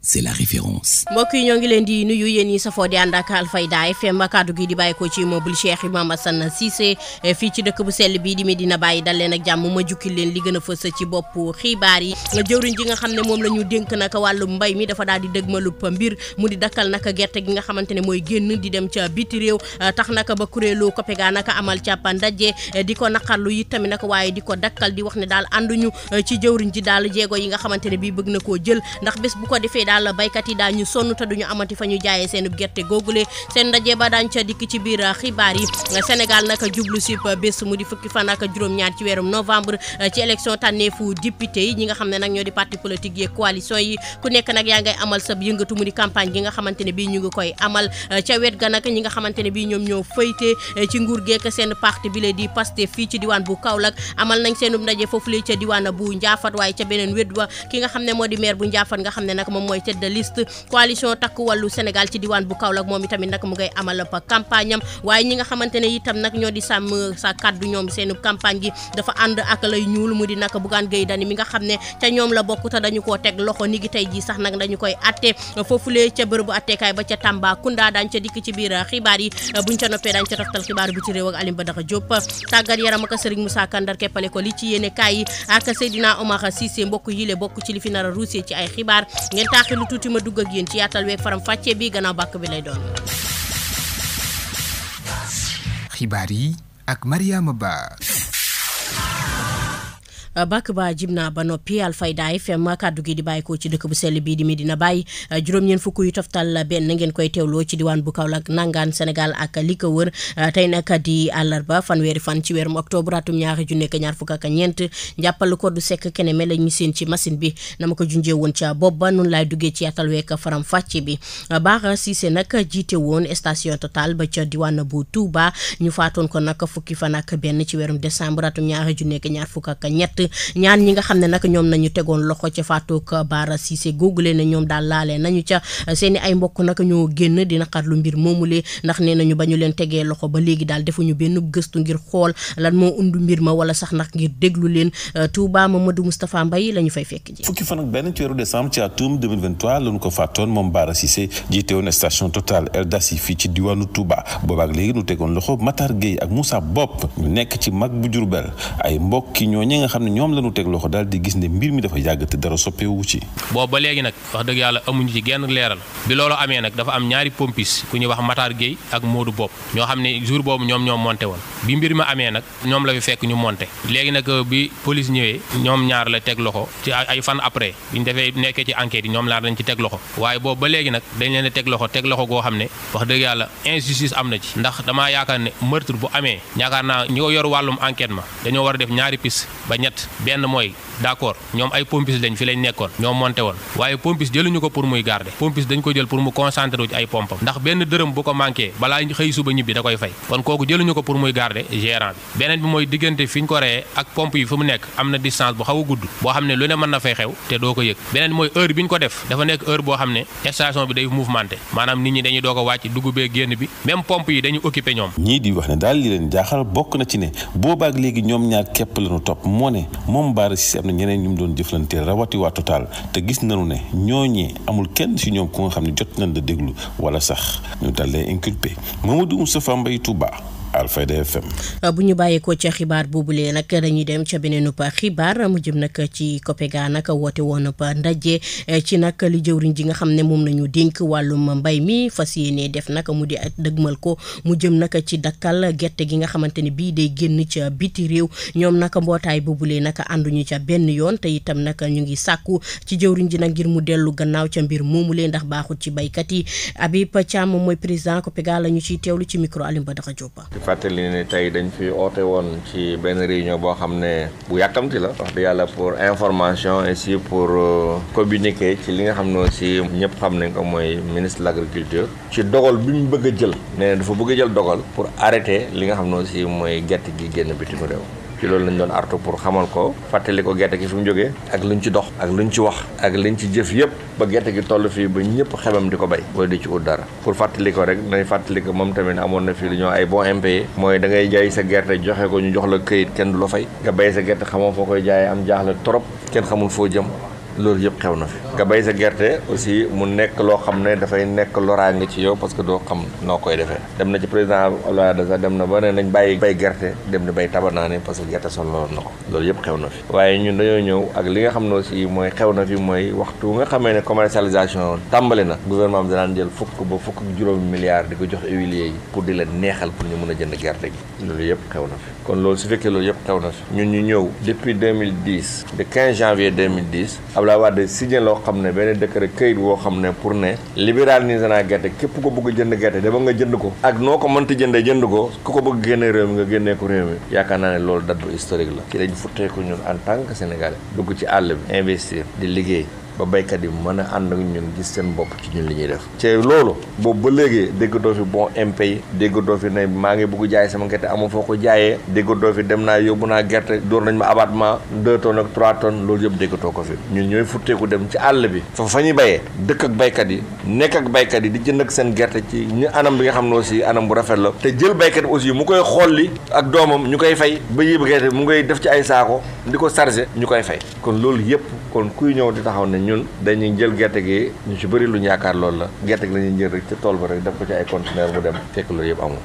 c'est la référence. mbokk yi ñoo ngi leen di nuyu yéen ñi safoo di ànd ak Alfayda FM kaddu gi di bàyyi ko ci moobul Cheikh Imam Assane Cissé eh, fii ci dëkk bu sell bii di Medina Baye dal leen ak jàmm ma jukki leen li gën a fës ci bopp xibaar yi jëwriñ ji nga xam ne moom la ñu dénk naka wàllum mbay mi dafa daal di dëgmalub mbir mu di dakkal naka gerte gi nga xamante ne mooy génn di dem ca biti réew eh, tax naka ba kuréelu COPEGA naka amal ca ndaje eh, di ko naqarlu yi tamit naka waaye di ko dakkal di wax ne daal ànduñu ci jëwriñ ji daal jéego yi nga xamante ne bii bëgg na koo jël ndax bés bu daal baykat yi daañu sonn te duñu amati fa ñu jaayee seen gerte googule seen ndaje ba daañ ca dikk ci biir xibaar yi Sénégal nag jublu si bés mu di fukki fan ak juróom-ñaar ci weerum novembre ci élection tànneefu député yi ñi nga xam ne nag ñoo di parti politique yi coalition yi ku nekk nag yaa ngay amal sab yëngatu mu di campagne gi nga xamante ne bii ñoom ñoo fayte ci nguur geek seen parti bi la di Pastef fii ci diwaan bu Kaolack amal nañ mooy tête de liste coalition takku wàllu Sénégal ci diwaan bu Kaolack moom itamit nag mu ngay amal ab campagne am waaye ñi nga xamante itam nag ñoo di sàmm sa kàddu ñoom seen campagne gi dafa ànd ak lay ñuul mu di nag Bougane Gueye Dany mi nga xam ne ca ñoom la bokk te dañu koo teg loxo ni gi tey jii sax nag dañu koy atte foofulee ca bërëbu attekaay ba ca Tambacounda daañ ca dikk ci biir xibaar yi buñ ca noppee daañ ca toftal xibaar bi ci réew ak a fàtte lu tuuti ma dugg ak yéen ci yaatal weeg faram fàccee bi gannaaw bàkk bi lay doon. xibaar yi ak Mariama Ba. Eh, bàkk ba jib na ba noppi Alfayda FM kàddu gi di bàyyi bàyyikoo ci dëkk bu sell bii di mii dina bàyyi eh, juróom ñeen fukk yu toftal benn ngeen koy teewloo ci diwaan bu Kaolack nangaan Sénégal ak li ko wër eh, tey nag di àllarba fanweeri fan ci weerum octobre atum ñaari junne ak ñaar fukk ak ñeent njàppal ko du sekk keneme la ñu seen ci machine bi na ko junjee woon ca bopp ba nun laay duggee ci yàttal week faram fàcce bi Bara Cissé nag jiite woon station Total ba ca diwaan bu Touba ñu faatoon ko nag fukki fan ak benn ci weerum décembre atum ñaari junne ak ñaar ñett ñaan ñi nga xam ne nag ñoom nañu tegoon loxo ca Fatou Bara Cissé googule ñoom daal laalee nañu ca seen i ay mbokk nag ñoo génn di naqarlu mbir moomulee ndax nee nañu ba ñu leen tegee loxo ba léegi daal defu ñu benn gëstu ngir xool lan moo undu mbir ma wala sax nag ngir déglu leen Touba Mamadou Moustapha Mbaye la ñu fay fekk fukki fan ak benn ci weeru décembre ci atum 2023 la ñu ko moom Bara Cissé jiite woon station Total Eldasi fii ci diwaanu Touba boobaak léegi ñu tegoon loxo Matar Gueye ak Moussa Bopp ñu nekk ci mag bu Jurbel ay ne ñoom la ñu teg loxo daal di gis ne mbir mi dafa yàgg te dara soppeewu ci. boobu ba léegi nag wax dëgg yàlla amuñu ci am la fi fekk ñu monté léegi nag na ci ndax damaa yaakaar ne meurtre bu amee yaakaar naa ñi ko yor wàllum enquête ma dañoo war a def ñaari piste ba ñett ñett benn mooy d'accord ñoom ay pompis lañ fi lañ nekkoon ñoom monté woon waaye pompis jëluñu ko pour muy garder pompis dañ ko jël pour mu concentré wu ci ay pompam ndax benn dërëm bu ko manqué balaa xëy suba ñibbi da koy fay kon kooku jëluñu ko pour muy garder gérant bi beneen mooy diggante fi ñu ko reyee ak pompe yi fi mu nekk am na distance bu xaw a gudd boo xam ne lu ne mën na fay xew te doo ko yëg beneen mooy heure bi ñu ko def dafa nekk heure boo xam ne station bi day mouvementé maanaam nit ñi dañuy doo ko wàcc dugg bee génn ñoom ñii di moo moom Bara si am na ñeneen ñu mu doon jëflanteel rawati waa Total te gis nañu ne ñooñee amul kenn si ñoom ku nga xam ne jot nañ la déglu wala sax ñu dalee inculpé Mamadou Moustapha Mbaye Touba Euh, bu ñu bàyyeekoo ca xibaar boobu lee nag dañuy dem ca beneen xibaar mu jëm nag ci COPEGA nag woote woon ndaje eh, ci nag li jëwriñ ji nga xam ne moom la ñu dénk wàllum mbay mi fas yéene def nag mu di at dëgmal ko mu jëm nag ci dakkal gerte gi nga xamante ni bii day génn ca biti réew ñoom nag mbootaay boobu lee nag ànduñu ca benn yoon te itam nag ñu ngi sàkku ci jëwriñ ji nag ngir mu dellu gannaaw ca mbir moomu moomule ndax baaxul ci baykat yi Habib Thiam mooy président COPEGA la ñu ciy teewlu ci micro ba Badara Diop di fàttali ne tey dañ fi oote woon ci benn réunion boo xam ne bu yàkkamti la wax dëgg yàlla pour information e aussi pour euh, communiquer ci li nga xam ne aussi ñëpp xam nañ ko mooy ministre de l'agriculture ci dogal bi mu bëgg a jël nee na dafa bëgg a jël dogal pour arrêter li nga xam ne aussi mooy gert gi génn bitim réew ci loolu lañu doon artu pour xamal ko fàttali ko gerte gi fi mu jógee ak luñ ci dox ak luñ ci wax ak liñ ci jëf yëpp ba gerte gi toll fii ba ñëpp xemam di ko bay booy di ci ut dara pour fàttali ko rek nañ fàttali ko moom tamit amoon na fii lu ñoo ay bon impayé mooy dangay ngay jaay sa gerte joxe ko ñu jox la kayit kenn du la fay nga bay sa gerte xamoo foo koy jaayee am jaaxle trop kenn xamul foo jëm loolu yëpp xew na fi nga bay sa gerte aussi mu nekk loo xam ne dafay nekk loraange ci yow parce que doo xam noo koy defee dem na ci président Abdoulaye Wade dem na ba ne nañ bàyyi bay gerte dem di bay tabanaane parce que gerte sonaloon na ko loolu yëpp xew na fi waaye ñun dañoo ñëw ak li nga xam ne aussi mooy xew na fi mooy waxtu nga xamee ne commercialisation tàmbali na gouvernement bi danaan jël fukk ba fukk ak juróomi milliards di ko jox huiliers yi pour di leen neexal pour ñu mën a jënd gerte gi loolu yëpp xew na fi kon loolu su fekkee loolu yëpp xew na fi ñun ñu ñëw depuis 2010 le 15 janvier 2010 Abdoulaye Wade signé loo xam ne benn décret këyit woo xam ne pour ne libéraliser naa gerte képp ko bëgg jënd gerte dama nga jënd ko ak noo ko mënti jëndee jënd ko ku ko bëgg génnee réew mi nga génnee ko réew mi yaakaar naa ne loolu date bu historique la ci lañ futteeku ñun en tant que sénégalais dugg ci àll bi investir di liggéey ba béykat yi mën a ànd ak ñun gis seen bopp ci ñun li ñuy def te loolu boobu ba léegi dégg doo bon impay dégg doo fi ne maa ngi bëgg jaay sama gerte amul foo ko jaayee dégg doo fi dem naa yóbbu naa gerte door nañ ma abattement deux tonnes ak trois tonnes loolu yëpp déggatoo ko fi ñun ñooy futteeku dem ci àll bi fa fa ñuy béyee dëkk ak béykat yi nekk ak béykat yi di jënd ak seen gerte ci anam bi nga xam ne aussi anam bu rafet la te jël béykat aussi mu koy xolli ak doomam ñu koy fay ba yëb gerte mu ngay def ci ay saako di ko chargé ñu koy fay kon loolu yëpp kon kuy ñëw di taxaw ne ñun dañuy jël gerte gi ñu ci bëri lu ñu yaakaar loolu la gerte gi la jël rek ca tool ba rek def ko ci ay conteneur bu dem fekk loolu yëpp amul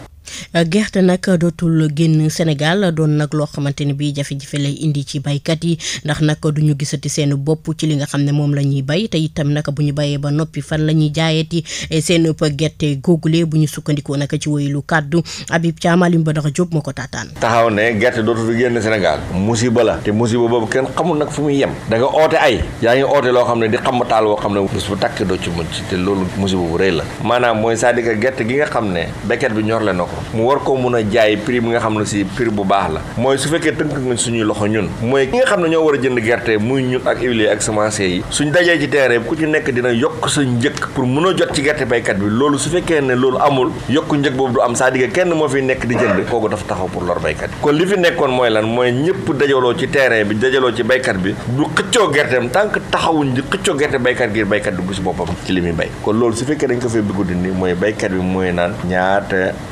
gerte nag dootul génn Sénégal doon nag loo xamante ni bii jafe-jafe lay indi ci baykat yi ndax nag du ñu gisati seen bopp ci li nga xam ne moom la ñuy bay te itam nag bu ñu bayee ba noppi fan la ñuy jaayati eh, seen gerte googule bu ñu sukkandikoo nag ci woylu kàddu Habib Thiam Alioune Badara Diop moo ko taataan. taxaw ne gerte dootul génn Sénégal musiba la te musiba boobu kenn xamul nag fu muy yem da nga ay yaa ngi oote loo xam ne di xam taal woo xam ne bés bu tàkk doo ci mucc te loolu musiba bu rëy la maanaam mooy cest à gerte gi nga xam ne béykat bi ñor la na ko mu war koo mun a jaay prix bi nga xam ne si prix bu baax la mooy su fekkee tënk nga suñuy loxo ñun mooy ki nga xam ne ñoo war a jënd gerte muy ñun ak huiliers ak semenciers yi suñ dajee ci terrain bi ku ci nekk dina yokk sa njëkk pour mun a jot ci gerte baykat bi loolu su fekkee ne loolu amul yokk njëg boobu du am saa à dire kenn moo fi nekk di jënd kooku dafa taxaw pour lor baykat bi kon li fi nekkoon mooy lan mooy ñëpp dajaloo ci terrain bi dajaloo ci baykat bi du xëccoo gerteem tant que taxawuñ di xëccoo gerte baykat ngir baykat du boppam ci li muy bay kon loolu su fekkee dañ ko fay bëgg dindi mooy baykat bi mooy naan ñaata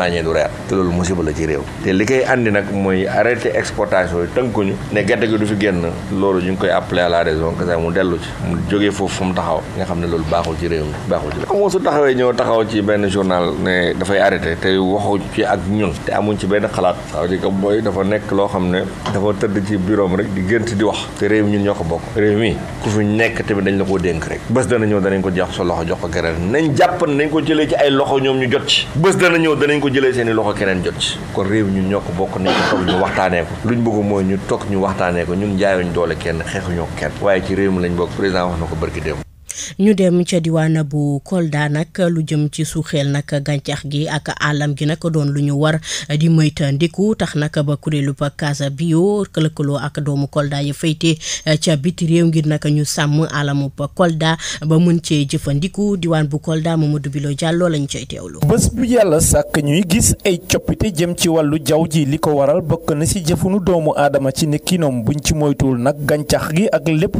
saañee du reer te loolu musiba la ci réew te li koy andi nag mooy arrêté exportation yi tënkuñu ne gerte gi du fi génn loolu ñu ngi koy appelé à la raison mu dellu ci mu jógee foofu fu mu taxaw nga xam ne loolu taxawee ñëw taxaw ci benn journal ne dafay arrêté te waxu ci ak ñun te amuñ ci benn xalaat ça veut dire que booy dafa nekk loo xam ne dafa tëdd ci bureau rek di gént di wax te réew ñun ñoo ko bokk réew mi ku fi nekk tamit dañ la koo dénk rek bés dana ñëw danañ ko jox sa loxo jox ko keneen nañ jàpp nañ ko jëlee ci ay loxo ñoom ñu jot ko jëlee seen loxo keneen jot ci kon réew ñu ñoo ko bokk nañ ko ñu waxtaanee ko ñu bëgg mooy ñu toog ñu waxtaanee ko ñun jaayuñ doole kenn xeexuñoo ko kenn waaye ci réew mi lañ bokk président wax na ko barki démb ñu dem ca diwaana bu Kolda nag lu jëm ci suuxeel nag gàncax gi ak àllam gi nag doon lu ñu war di moytandiku tax nag ba kuréelu ba Casa Bio lëkkaloo ak doomu Kolda ya fayte eh, ca biti réew ngir nag ñu sàmm alamu ba Kolda ba mën cee jëfandiku diwaan bu Kolda Mamadou Bilo Diallo lañ cay teewlu. bés bu yàlla sàkk ñuy gis ay coppite jëm ci wàllu jaww ji li ko waral bokk na ci jëfunu doomu aadama ci nekkinom buñ ci moytuwul nag gàncax gi ak lépp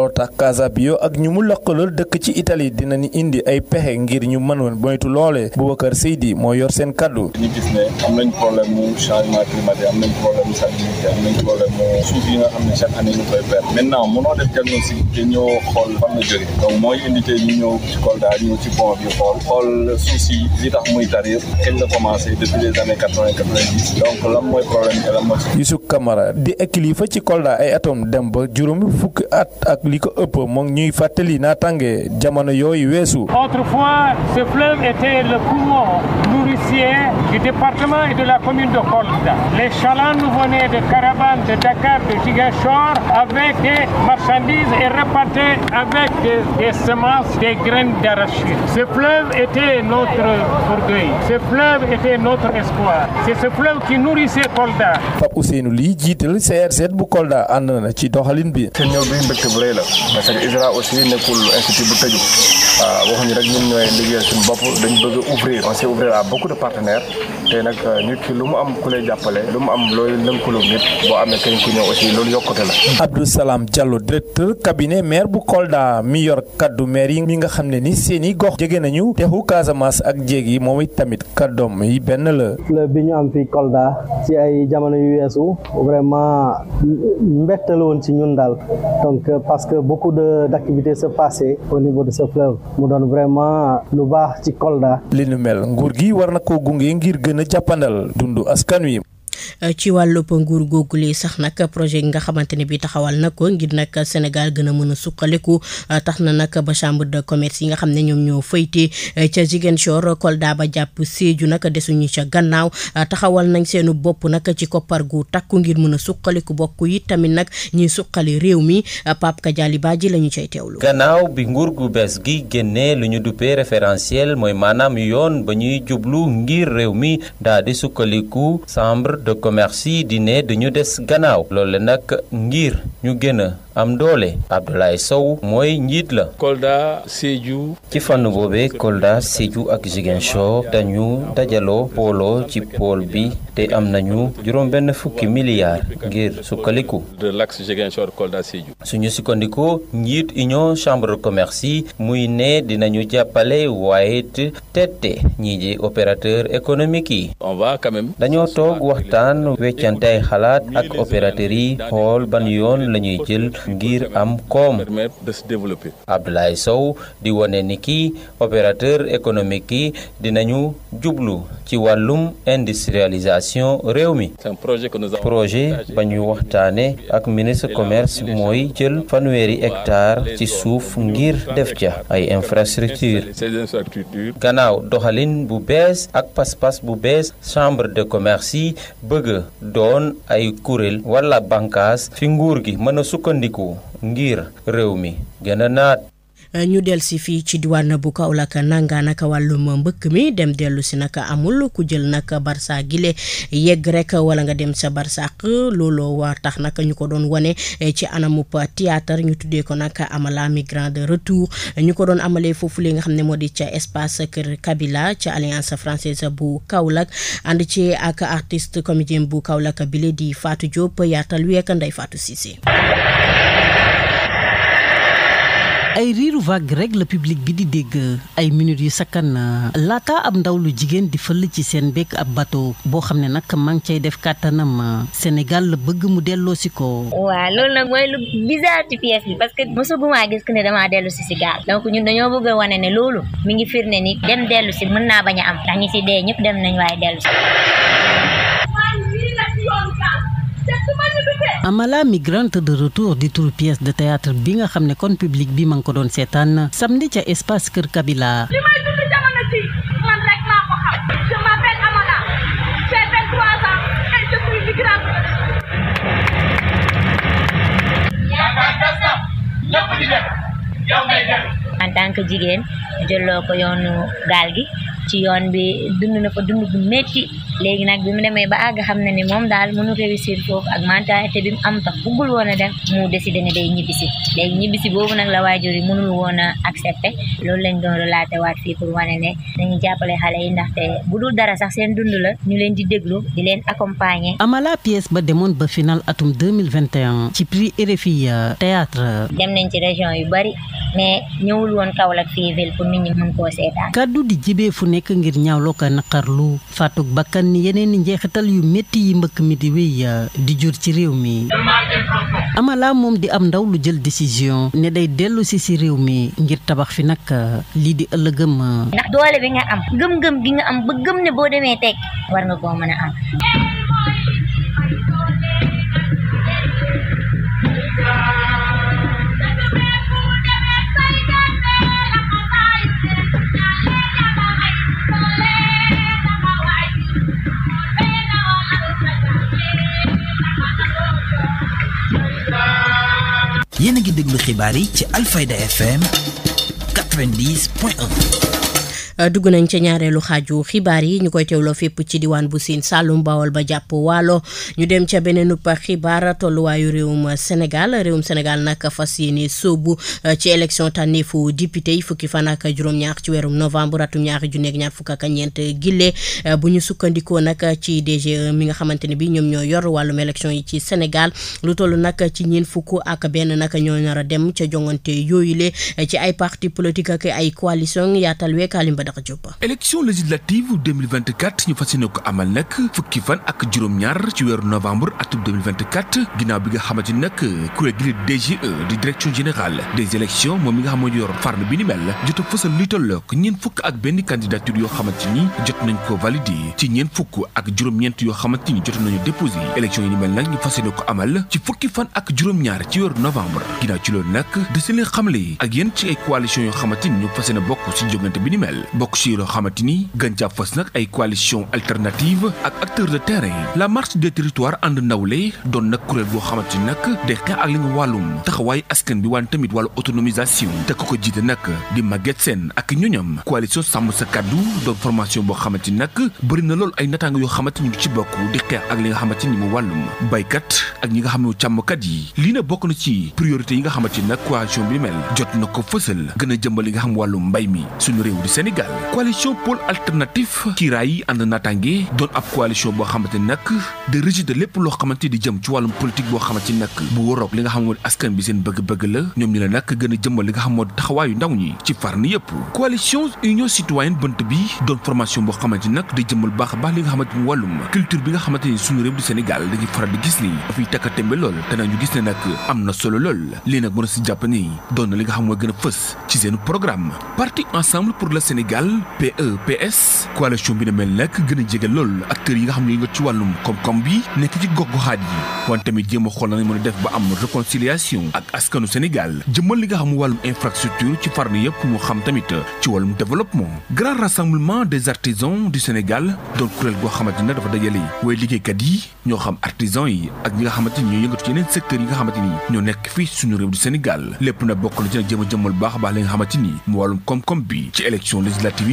Port ak Casabio ak ñu mu lëkkalool dëkk ci Italie dinañu indi ay pexe ngir ñu mën woon moytu loole Boubacar Seydi moo yor seen kaddu. ñu gis ne am nañ problème mu changement climatique am am nañ problème mu suuf yi nga xam ne chaque année ñu koy perdre maintenant mënoo def diagnostic ñëw xool fan la jógee donc mooy indi tey ñu ñëw ci Kolda ñëw ci pont bi xool xool suuf li tax muy tar yëpp kañ la commencé depuis les années quatre vingt quatre vingt dix donc lan mooy problème bi lan mooy. Youssouf li ko ëpp moo ngi ñuy fàttali naataange jamono yooyu weesu. autrefois ce fleuve était le poumon nourricier du département et de la commune de Kolda. les chalands venaient de caravanes de Dakar de Ziguinchor avec des marchandises et repartaient avec des, semences des graines d'arachide. ce fleuve était notre orgueil. ce fleuve était notre espoir. c'est ce fleuve qui nourrissait Kolda. Pape Ousseynou Ly jiital CRZ bu Kolda ànd na ci doxalin bi. rëy la parce que ISRA aussi nekkul institut bu tëju ah, rek ñun ñooy liggéeyal suñu bopp dañ bëgg a ouvrir on euh, nit ki lu mu am ku lay jàppale lu mu am looy lëkkaloo nit boo amee kañ ku ñëw aussi loolu yokkute la. Abdou Salam Diallo directeur cabinet maire bu Kolda mi yor kaddu maire yi nga xam ne ni seeni i gox jege nañu texu Casamance ak jéeg yi moom it tamit kaddoom mi benn la. la bi ñu am fii Kolda ci ay jamono yu weesu vraiment mbégte woon ci ñun daal euh, parce que beaucoup de d' activités se passaient au niveau de ce mu doon vraiment lu baax ci Kolda. li nu mel nguur gi war na koo gunge ngir gën a jàppandal dundu askan wi. Euh, ci wàllub nguur googule sax nag projet yi nga xamante ne bi taxawal na ko ngir nag Sénégal gën a mën a suqaliku euh, tax na nag ba chambre de commerce yi nga xam ne ñoom ñoo fayte euh, ca Ziguinchor Kolda ba jàpp Sédhiou nag desuñu ca gannaaw taxawal nañ seenu bopp nag ci koppar gu takku ngir mën a suqaliku bokk yi tamit nag ñuy suqali réew mi Pape Kadiali Badji la ñu cay teewlu. gannaaw bi nguur gu bees gi génne lu ñu duppee référentiel mooy maanaam yoon ba ñuy jublu ngir réew mi di suqaliku de commerce yi di dañu des gannaaw loolu nag ngir ñu gën a am doole Abdoulaye Sow mooy njiit la. Kolda Sédhiou. ci fànn boobee Kolda Sédhiou ak Ziguinchor dañu dajaloo booloo ci pôle bi te am nañu juróom fukki milliards ngir sukkaliku. de l'axe Kolda suñu sukkandiku njiit union chambre de commerce yi muy ne dinañu jàppale waaye it ñii di opérateur économique yi. on va quand même. dañoo toog waxtaan weccante xalaat ak opérateur yi xool ban yoon lañuy jël. ngir am koom Abdoulaye Sow di wone ni kii opérateur économique yi dinañu jublu ci wàllum industrialisation réew mi projet ba ñuy waxtaane ak ministre commerce mooy jël fanweeri hectare ci suuf ngir def ca ay infrastructure gannaaw doxalin bu bees ak pas-pas bu bees chambre de commerce yi bëgg doon ay kuréel wala bànqaas fi nguur gi mën a fàttaliku ngir réew mi gën naat Eh, ñu del si fii ci diwaan bu Kaolack nangaa nag wàllum mbëkk mi dem dellu si nag amul ku jël nag barsa gile yegg rek wala nga dem sa barsàq looloo waa tax nag ñu ko doon wane eh, ci anamub théâtre ñu tuddee ko nag amala migrant de retour eh, ñu ko doon amalee foofu li nga xam ne moo di ca espace Kër Kabila ca alliance française bu Kaolack ànd ci ak artist comédien bu Kaolack bile di faatu Diop yaatal week Ndeye Fatou Cissé ay riiru vague rek la public bi di dégg ay minutes yu sakkan na euh, laata ab ndaw lu jigéen di fël ci seen bekk ab bateau boo xam ne nag maa ngi cay def kàttanam euh, Sénégal la bëgg mu delloosi ko. waa loolu nag mooy lu bizarre ci pièce bi parce que mosaguma gis que ne damaa dellu si si gaal donc ñun dañoo bëgg a wane ne loolu mi ngi firnde ni dem dellu si mën naa bañ a am ndax ñi dee ñëpp dem nañ waaye dellu amala migrante de retour di turu de théâtre bi nga xam ne kon public bi ma ngi ko doon seetaan samedi ca espace kër Kabila. en tant que jigéen jëloo ko yoonu gaal gi ci yoon bi dund na fa dund bu métti léegi nag bi mu demee ba àgg xam na ne moom daal mënu réussir foofu ak mentalité bi mu am tax buggul woon a dem mu décidé ne day ñibbisi léegi ñibbisi boobu nag la waajur yi mënul woon a accepté loolu lañ doon relaté waat fii pour wane ne dañu jàppale xale yi ndaxte bu dul dara sax seen dund la ñu leen di déglu di leen accompagner. Amala pièce ba demoon ba final atum 2021 ci prix RFI euh, théâtre dem nañ ci région yu bari mais ñëwul woon Kaolack fii ville pour nit ñi mën koo nekk ngir ñaawloo ko naqarlu faatuk bakkan yeneen i njeexital yu métti yi mbëkk mi di wéy euh, di jur ci réew mi amala moom di am ndaw lu jël décision ne day dellusi ci réew mi ngir tabax fi nag euh, lii di ëllëgëm euh. ndax doole bi nga am gëm-gëm gi nga am ba ne boo demee tekk war nga koo mën a am yéen a ngi déglu xibaar yi ci Alfayda FM 90 point 1 Euh, dugg nañ ca ñaareelu xaaju xibaar yi ñu koy teewloo fépp ci diwaan bu Sine Saalum Bawol ba jàpp waalo ñu dem ca beneen upp xibaar tolluwaayu réewum Sénégal réewum Sénégal nag fas yéene sóobu euh, ci élection tànneefu député yi fukki fan ak juróom-ñaar ci weerum novembre atum ñaari junni ak ñaar fukk ak ñeent gille euh, bu ñu sukkandikoo nag ci DGE mi nga xamante ne bi ñoom ñoo yor wàllum élection yi ci Sénégal lu toll nag ci ñeen fukk ak benn nag ñoo nar dem ca jongante yooyule ci ay parti politique ak ay coalition yaatal week Alimba Badara Diop. élection législative 2024 ñu fas yéene ko amal nag fukki fan ak juróom-ñaar ci weeru novembre atum 2024 ginnaaw bi nga xamante ni nag kuréel gi di DGE di direction générale des élections moom mi nga xam moo jot a fësal luy tolloog ñeent fukk ak benn candidature yoo xamante ni jot nañ ko validé ci ñeent fukk ak juróom-ñeent yoo xamante ni jot nañu déposé élection yi ni nag ñu fas ko amal ci fukki fan ak juróom-ñaar ci weeru novembre ginnaaw ci loolu na leen xamle ak yoo xamante ni bokk ci jogante bi bokk ci loo xamante ni gën caa fës nag ay coalition alternative ak acteurs de terrain la marche des territoires ànd nawle doon nag kuréel boo xamante ni nag de xeex ak li nga wàllum taxawaay askan bi waan tamit wàllu autonomisation te ko ko jiite nag di Maguette Sène ak ñoñam coalition sàmm sa kàddu doon formation boo xamante ni nag bëri na lool ay nataanga yoo xamante ni ñu ci bokk di xeex ak li nga xamante ni mu wàllum baykat ak ñi nga xam ne càmmkat yi lii na bokk na ci priorité yi nga xamante ni nag coalition bi mel jot na ko fësal gën a jëmbal nga xam wàllum mbay mi Sénégal coalition pôle alternatif kiiraay yi ànd naataange doon ab coalition boo xamante ni nag de rejeté lépp loo xamante di jëm ci wàllum politique boo xamante ni nag bu waroog li nga xam di askan bi seen bëgg-bëgg la ñoom ñi la nag gën a jëmmal li nga xam taxawaayu ndaw ñi ci fànn yépp coalition union citoyenne bënt bi doon formation boo xamante ni nag di jëmmal baax a baax li nga xamante ni wàllum culture bi nga xamante ni suñu réew di Sénégal dañuy Sénégal PEPS coalition bi na mel nag gën a jege lool acteurs yi nga xam ne nga ci wàllum koom-koom bi nekk ci gox-goxaat yi wante tamit jéem a xool nañ mën a def ba am réconciliation ak askanu Sénégal jëmmal li nga xam wàllum infrastructure ci fànn yëpp moo xam tamit ci wàllum développement grand rassemblement des artisans du Sénégal doon kuréel goo xamante ne dafa dajale way liggéeykat yi ñoo xam artisans yi ak ñi nga xamante ni ñoo yëngatu ci yeneen secteurs yi ni ñoo nekk fii suñu réew du Sénégal lépp na bokk na ci nag jëm a baax baax li nga xamante ni mu wàllum koom-koom bi ci élection législatives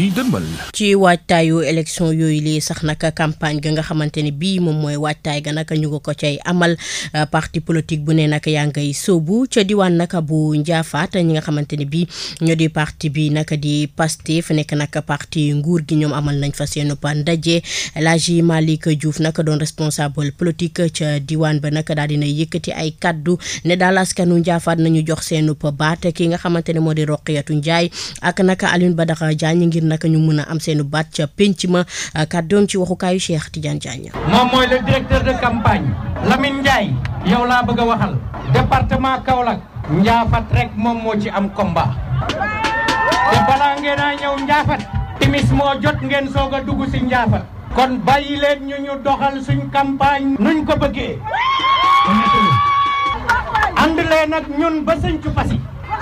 ci waajtaayu élection yooyu lii sax naka campagne ga nga xamante ne bii moom mooy waajtaay ga naka ñu nga ko cay amal euh, parti politique bu ne naka yaa ngay sóobu ca diwaan naka bu njaafaat ñi nga xamante ne bii ñoo di parti bi naka di Pastef nekk naka parti nguur gi ñoom amal nañ fa seen pa ndaje El Hadji Malick Diouf naka doon responsable politique ca diwaan ba naka daal dina yëkkati ay kaddu ne daal askanu njaafaat nañu jox seen baat ki nga xamante ne moo di Roqiyatu Njaay ak naka Alioune Badara Diagne Diagne ngir ñu mën a am seenu baat ca penc uh, ci waxukaayu Cheikh Tidiane Diagne. moom mooy le directeur yow laa bëgg a waxal département Kaolack rek moom moo ci am combat te balaa ngeen a ñëw Ndiafat timis moo jot ngeen soog a dugg si Ndiafat kon bàyyi ñu ñu doxal suñ campagne nuñ ko bëggee. ànd leen nag ñun ba sëñ Cupasi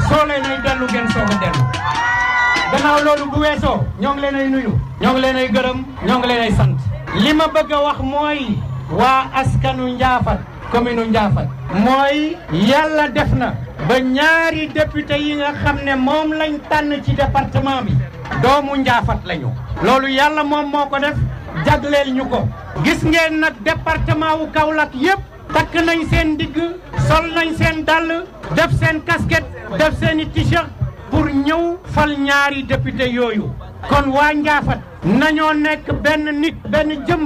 soo leen ay dellu ngeen soog a dellu. gannaaw loolu bu weesoo ñoo ngi leen ay nuyu ñoo ngi leen ay gërëm ñoo ngi leen ay sant li ma bëgg a wax mooy waa askanu Ndiaffate commune u Ndiaffate mooy yàlla def na ba ñaari député yi nga xam ne moom lañ tànn ci département bi doomu Ndiaffate lañu loolu yàlla moom moo ko def jagleel ñu ko gis ngeen nag departement wu Kaolack yépp takk nañ seen ndigg sol nañ seen dàll def seen casquette def seen i pour ñëw fal ñaari député yooyu kon waa Njaafat nañoo nekk benn nit benn jëmm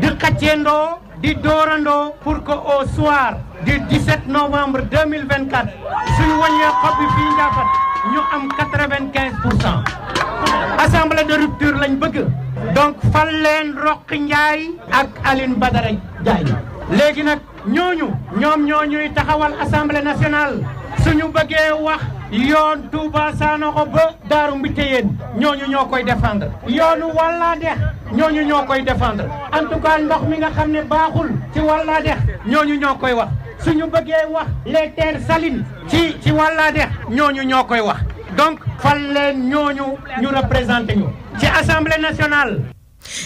di xàcceendoo di doorandoo pour que au soir du 17 novembre 2024 suñu wàññee xob bi fii Njaafat ñu am 95 pour cent assemblée de rupture lañ bëgg donc fal leen Roq Ndiaye ak alin Badara Ndiaye léegi nag ñooñu ñoom ñoo ñuy taxawal assemblée nationale suñu bëggee wax yoon Touba Sanokho ba Daaru Mbiteyeen ñooñu ñoo koy défendre yoonu Walla Dex ñooñu ñoo koy défendre en ndox mi nga xam ne baaxul ci Walla Dex ñooñu ñoo koy wax suñu bëggee wax les terres salines ci ci Walla Dex ñooñu ñoo koy wax donc fal leen ñooñu ñu représenté ñu ci assemblée nationale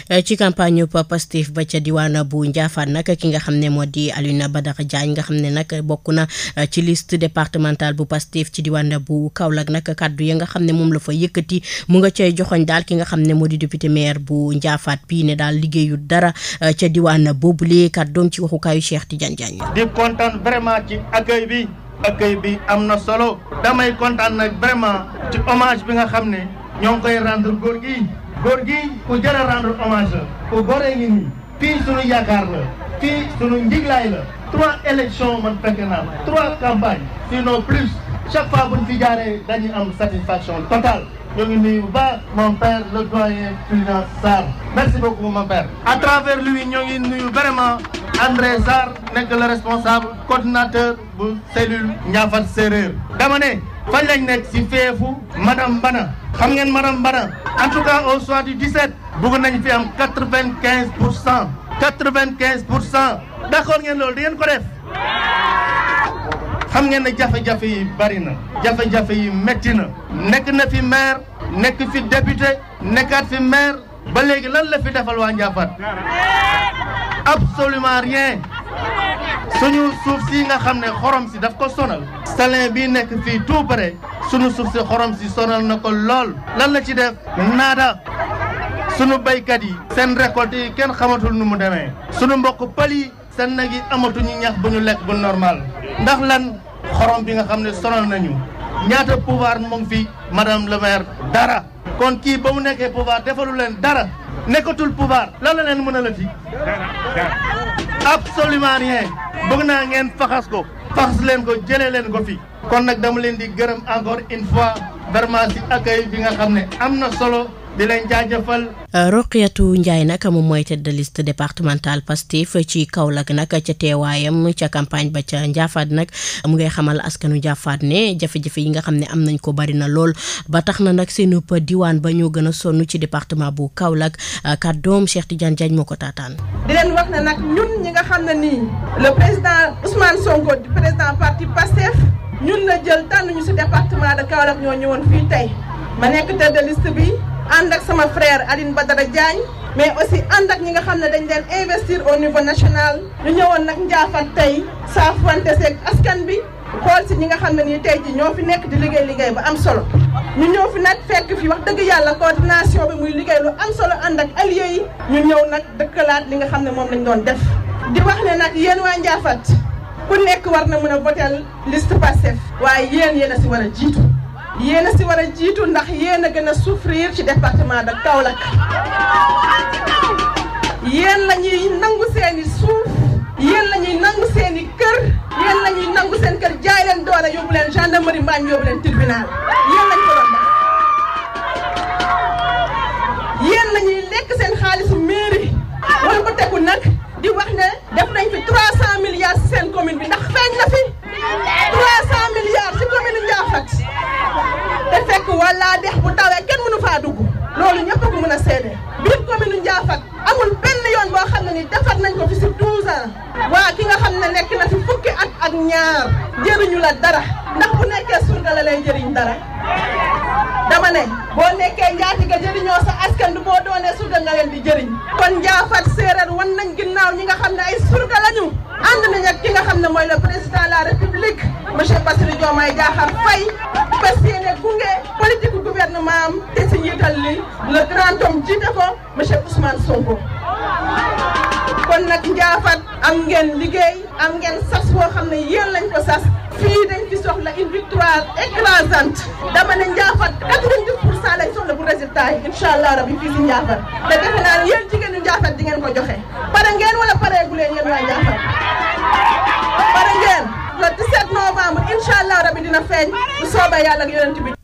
Eh, ci campagne Pastef ba ca diwaan bu Ndiaffane nag ki nga xam ne moo di Alioune Badara Diagne nga xam ne nag bokk na eh, ci liste départementale bu Pastef ci diwaan bu Kaolack nag kaddu ya nga xam ne moom la fa yëkkati mu nga cay joxoñ daal ki nga xam ne moo di député maire bu Ndiaffate bii ne daal liggéeyu dara eh, ca diwaan boobule kàddoom ci waxukaayu Cheikh di kontaan vraiment ci accueil bi. accueil bi am na solo. damay kontaan nag vraiment ci hommage bi nga xam ne ñoo koy rendre góor gi. góor gi ku jar a rendre hommage la ku goree ngi nii fii suñu yaakaar la fii suñu njiglaay la trois élections man fekk naa trois campagnes sinon plus chaque fois buñ fi jaaree dañuy am satisfaction totale ñoo ngi nuyu bu baax mon père le doyen président Sarr merci beaucoup mon père à travers lui ñoo ngi nuyu vraiment André Sarr nekk le responsable coordinateur bu cellule Ndiaffate Séeréer dama fan lañ nekk si feefu madame Bana xam ngeen madame Bana en tout cas au soir du 17 nañ fi am 95 pour cent 95 cent d' accord ngeen loolu di ngeen ko def xam ngeen ne jafe-jafe yi bari na jafe-jafe yi métti na nekk na fi maire nekk fi député nekkaat fi maire ba léegi lan la fi defal waa Ndiaffate absolument rien suñu suuf si nga xam ne xorom si daf ko sonal salin bi nekk fii tout près suñu suuf si xorom si sonal na ko lool lan la ci def naada suñu béykat yi seen récolte yi kenn xamatul nu mu demee suñu mbokk pël yi seen nag yi amatuñu ñax ba ñu lekk bu normal ndax lan xorom bi nga xam ne sonal nañu ñaata pouvoir moom ngi fi madame le dara kon kii ba mu nekkee pouvoir defalu leen dara nekkatul pouvoir lan la leen mën a lati absolument rien bëgg naa ngeen faxas ko faxas leen ko jëlee leen ko fii kon nag dama leen di gërëm encore une fois vraiment si accueil bi nga xam ne am na solo di leen jaajëfal. Euh, Roqiyatu nag moom mooy tête de liste départementale Pastef ci Kaolack nag ca teewaayam ca campagne ba ca Ndiaffate nag mu ngay xamal askanu Ndiaffate ne jafe-jafe yi nga xam ne am nañ ko bari na lool ba tax na nag seen ëpp diwaan ba ñoo gën a sonn ci département bu Kaolack euh, kàddoom Cheikh Tidiane Diagne moo ko taataan. di leen wax ne nag ñun ñi nga xam ne nii le président Ousmane Sonko di président parti Pastef ñun la jël tànn ñu si département de Kaolack ñoo ñëwoon fii tey. ma nekk tête de bi ànd ak sama frère ba dara Diagne mais aussi ànd ak ñi nga xam ne dañ leen investir au niveau national ñu ñëwoon nag njaafat tey saafante seeg askan bi xool si ñi nga xam ne nii tey ji ñoo fi nekk di liggéey liggéey bu am solo ñu ñëw fi nag fekk fi wax dëgg yàlla coordination bi muy liggéey lu am solo ànd ak alliés yi ñu ñëw nag dëkkalaat li nga xam ne moom lañ doon def di wax ne nag yéen waa njaafat ku nekk war na mën a voter liste Pastef waaye yéen yéen a si war a yéen a a jiitu ndax yéen a ci département de Kaolack nangu seen suuf yéen la nangu seen kër jaay leen doole yóbbu leen gendarmerie mbaañ lañ ko doon def yéen la ñuy lekk seen xaalisu mairie wala ko tegu nag di wax ne def nañ fi 300 milliards seen commune bi ndax. caa dugg loolu ñëpp ko mën a seede biir commune Ndiaffate amul benn yoon boo xam ne ni defar nañ ko fi si 12 ans waa ki nga xam ne nekk na fi fukki at ak ñaar jëriñu la dara ndax bu nekkee surga la lay jëriñ dara dama ne boo nekkee njaatige jëriñoo sa askan du boo doonee surga nga leen di jëriñ kon Ndiaffate séeréer wan nañ ginnaaw ñi nga xam ne ay surga lañu ànd nañ ki nga xam ne mooy le président de la république monsieur Bassirou Diomaye Diakhar we yéene gunge politique gouvernement am te si njiital li le grand homme jiite ko monsieur Ousmane Sonko. kon nag njaafat am ngeen liggéey am ngeen sas boo xam ne yéen lañ ko sas fii dañ fi soxla une victoire écrasante dama ne njaafat 90 pour cent lañ soxla bu résultat yi incha allah rabi fii si njaafat te defe naa ne yéen jigéenu njaafat di ngeen ko joxe pare ngeen wala pareegu leen yéen waa njaafat pare ngeen. le 17 novembre incha allah rabi dina feeñ bu soobee yàlla ak yonent bi.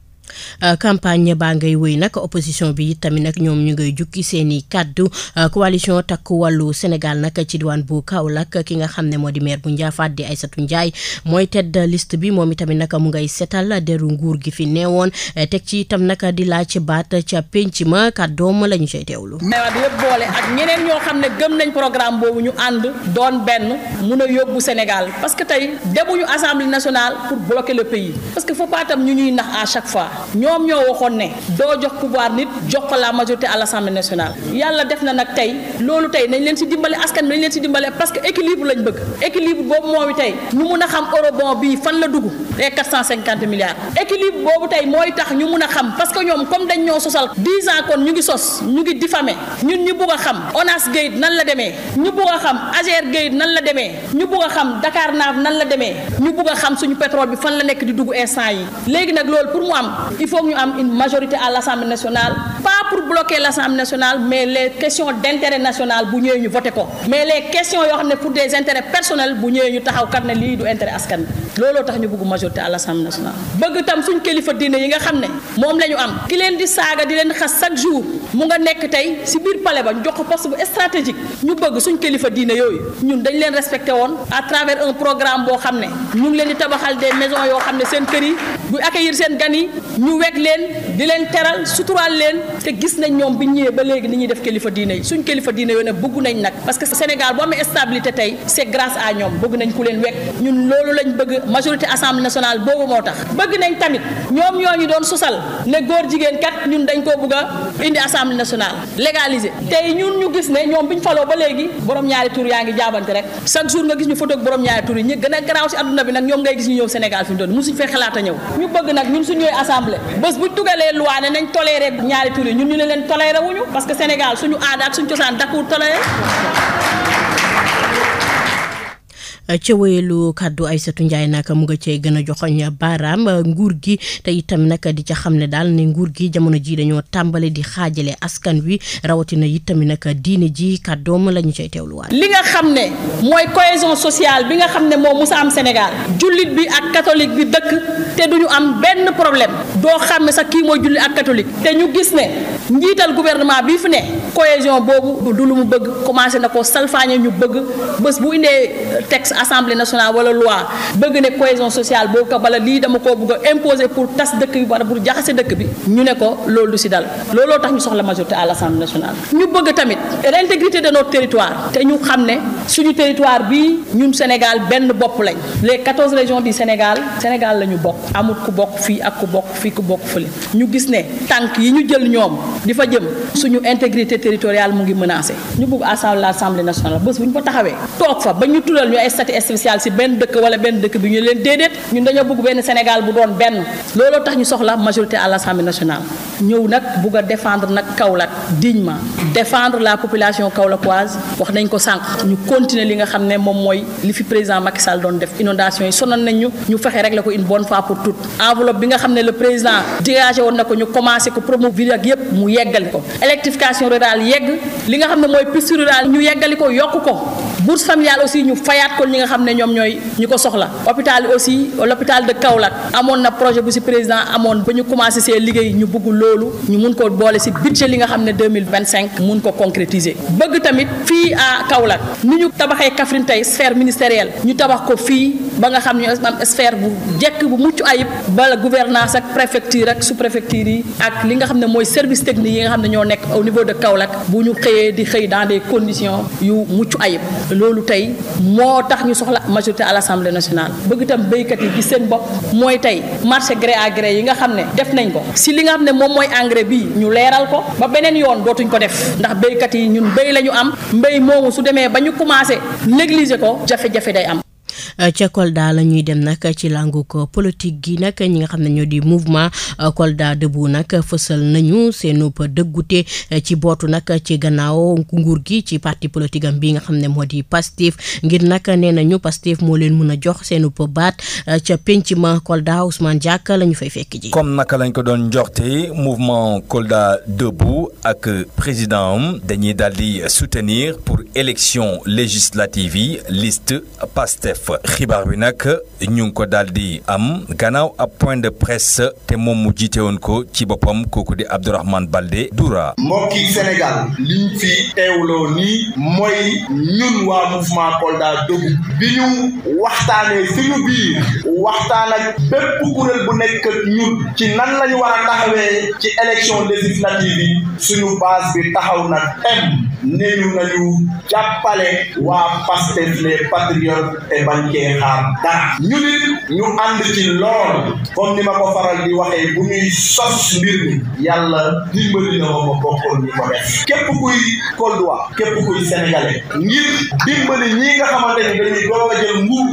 Euh, campagne baa ngay wéy nag opposition bi tamit nag ñoom ñu ngay jukki seen i kàddu euh, coalition takku wàllu Sénégal nag ci diwaan bu Kaolack ki nga xam ne moo di maire bu Ndiaffate di Aïssatou Ndiaye mooy tedd liste bi moom itamit nag mu ngay setal deru nguur gi fi neewoon euh, teg ci itam nag di laaj baat ca penc ma kàddoom la ñu cay teewlu. maire yëpp boole ak ñeneen ñoo xam ne gëm nañ programme boobu ñu ànd doon benn mun a yóbbu Sénégal parce que tey demuñu assemblée nationale pour bloquer le pays parce que faut pas tam ñu ñuy ñoom ñoo waxoon ne doo jox pouvoir nit jox ko la majorité à l'Assemblée nationale yàlla def na nag tey loolu tey nañ leen si dimbale askan bi nañ leen si dimbale parce que équilibre lañ bëgg équilibre boobu mooy tey ñu mun a xam eurobond bii fan la dugg les 450 milliards équilibre boobu tey mooy tax ñu mun a xam parce que ñoom comme dañ ñoo sosal 10 ans kon ñu ngi sos ñu ngi diffamé ñun ñu bugg a xam ONAS Gueye nan la demee ñu bugg a xam AGER Gueye nan la demee ñu bugg a xam Dakar nan la demee ñu bugg a suñu pétrole bi fan la nekk di dugg instant yi faut ñu am une majorité à l'Assemblée nationale pas pour bloquer l'Assemblée nationale mais les questions d'intérêt national bu ñëwee ñu voté ko mais les questions yoo xam ne pour des intérêts personnels bu ñëwee taxaw kat ne lii du intérêt askan looloo tax ñu bëgg majorité à l'Assemblée nationale bëgg tam suñ kilifa diine yi nga xam ne moom la am ki leen di saaga di leen xas chaque jour mu nga nekk tey si biir palais ba ñu jox ko poste bu stratégique ñu bëgg suñ kilifa diine yooyu ñun dañ leen respecté woon à travers un programme boo xam ne ñu ngi leen di tabaxal des maisons yoo xam ne seen kër yi bu accueillir teg leen di leen teral suturaal leen te gis nañ ñoom bi ñëwee ba léegi ni ñuy def kilifa diine yi suñ kilifa diine yoo ne bëgg nañ nag parce que Sénégal boo amee stabilité tey c'est grâce à ñoom bëgg nañ ku leen wekk ñun loolu lañ bëgg majorité assemblée nationale boobu moo tax bëgg nañ tamit ñoom ñoo ñu doon sosal ne góor jigéen kat ñun dañ koo bëgg indi assemblée nationale légalisé tey ñun ñu gis ne ñoom bi ñu faloo ba léegi borom ñaari tour yaa ngi jaabante rek chaque jour nga gis ñu photo ak borom ñaari tur yi gën a garaaw si adduna bi nag ñoom ngay gis ñu ñëw Sénégal fi mu doon musuñ fee xalaat a ñëw ñu bëgg nag ñun suñu ñëwee assemblée bés bu dugalee loi ne nañ toléré ñaari tur yi ñu ne leen toléré wuñu parce que Sénégal suñu aadaat suñu cosaan dakkuur toléré ca wéyalu kàddu Aïssatou Ndiaye nag mu nga cay gën a joxoñ baaraam nguur gi te itam nag di ca xam ne daal ne nguur gi jamono ji dañoo tàmbale di xaajale askan wi rawatina itam nag diine ji kàddoom la ñu cay teewluwaat. li nga xam ne mooy cohésion sociale bi nga xam ne moo mus a am Sénégal. jullit bi ak catholique bi dëkk te duñu am benn problème doo xam ne sa kii mooy jullit ak catholique te ñu gis ne njiital gouvernement bi fu ne cohésion boobu du lu mu bëgg commencé na assemblée nationale wala loi bëgg ne cohésion sociale boobu ko bala lii dama koo bëgg a imposer pour tas dëkk bi wala pour jaxase dëkk bi ñu ne ko loolu du si dal looloo tax ñu soxla majorité à l' assemblée nationale. ñu bëgg tamit l'intégrité de notre territoire te ñu xam ne suñu territoire bi ñun Sénégal benn bopp lañ les quatorze région di Sénégal Sénégal la ñu bokk amul ku bokk fii ak ku bokk fii ku bokk fële ñu gis ne tànk yi ñu jël ñoom di fa jëm suñu intégrité territoriale mu ngi menacé ñu bëgg assemblée nationale bés bu taxawee santé ci si benn dëkk wala benn dëkk bi ñu leen déedéet ñu dañoo bëgg benn Sénégal bu doon benn looloo tax ñu soxla majorité à l'Assemblée nationale ñëw nag bugg a défendre nag Kaolack dignement défendre la population kaolackoise wax nañ ko sànq ñu continuer li nga xam ne moom mooy li fi président Macky Sall doon def inondation yi sonal nañ ñu ñu fexe rek la ko une bonne fois pour toutes enveloppe bi nga xam ne le président dégagé woon na ko ñu commencé ko promouvoir ak yépp mu yeggali ko électrification rurale yegg li nga xam ne mooy piste rurale ñu yeggali ko yokk ko bourse familiale aussi ñu fayaat ko ñi nga xam ne ñoom ñooy ñu ko soxla hôpital aussi l'hôpital de Kaolack amoon na projet bu ci président amoon ba ñu commencé see liggéey ñu bëgg loolu ñu mun ko boole ci budget li nga xam ne 2025 mun ko concrétiser bëgg tamit fii à Kaolack ni ñu tabaxee Kaffrine tey sphère ministérielle ñu tabax ko fii ba nga xam ne am sphère bu jekk bu mucc ayib bala gouvernance ak préfecture ak sous-préfecture yi ak li nga xam ne mooy service technique yi nga xam ne ñoo nekk au niveau de Kaolack bu ñu xëyee di xëy dans des conditions yu mucc loolu tey moo tax ñu soxla majorité à l'Assemblée nationale bëgg itam béykat yi gis seen bopp mooy tey marché gré à gré yi nga xam ne def nañ ko si li nga xam ne moom mooy engrais bi ñu leeral ko ba beneen yoon dootuñ ko def ndax béykat yi ñun mbéy la ñu am mbéy moomu su demee ba ñu commencé négliger ko jafe-jafe day am Euh, ca Kolda lañuy dem nag ci làngu ko politique gi nag ñi nga xam ne ñoo di mouvement euh, Kolda debout nag fësal nañu seenub dëggute euh, ci bootu nag ci gannaaw nguur gi ci parti politique bi nga xam ne moo di Pastef ngir nag nee nañu Pastef moo leen mën a jox seenub baat ca penc ma Kolda Ousmane Diack lañu fay fekk ji. comme naka lañ ko doon njoxte mouvement Kolda debout ak président am dañuy daal soutenir pour élection législative yi liste Pastef. jërëjëf xibaar bi nag ñu ngi ko daal di am gannaaw ab point de presse te moom mu jiite woon ko ci boppam kooku di Abdourahmane Baldé Doura. mbokki Sénégal liñ fi teewloo nii mooy ñun waa mouvement Kolda Debout bi ñu waxtaanee suñu biir waxtaan ak bépp kuréel bu nekk ñun ci nan la ñu taxawee ci élection législative yi suñu base bi taxaw na tem ne nañu jàppale waa Pastef les bañ cee ñu nit ñu ànd ci lool ma ko faral di waxee bu ñuy sos mbir na ma ma bokkoon ñu ko def képp kuy kolduwa képp kuy sénégalais ngir dimbali ñi nga xamante ni dañuy doog a jël nguur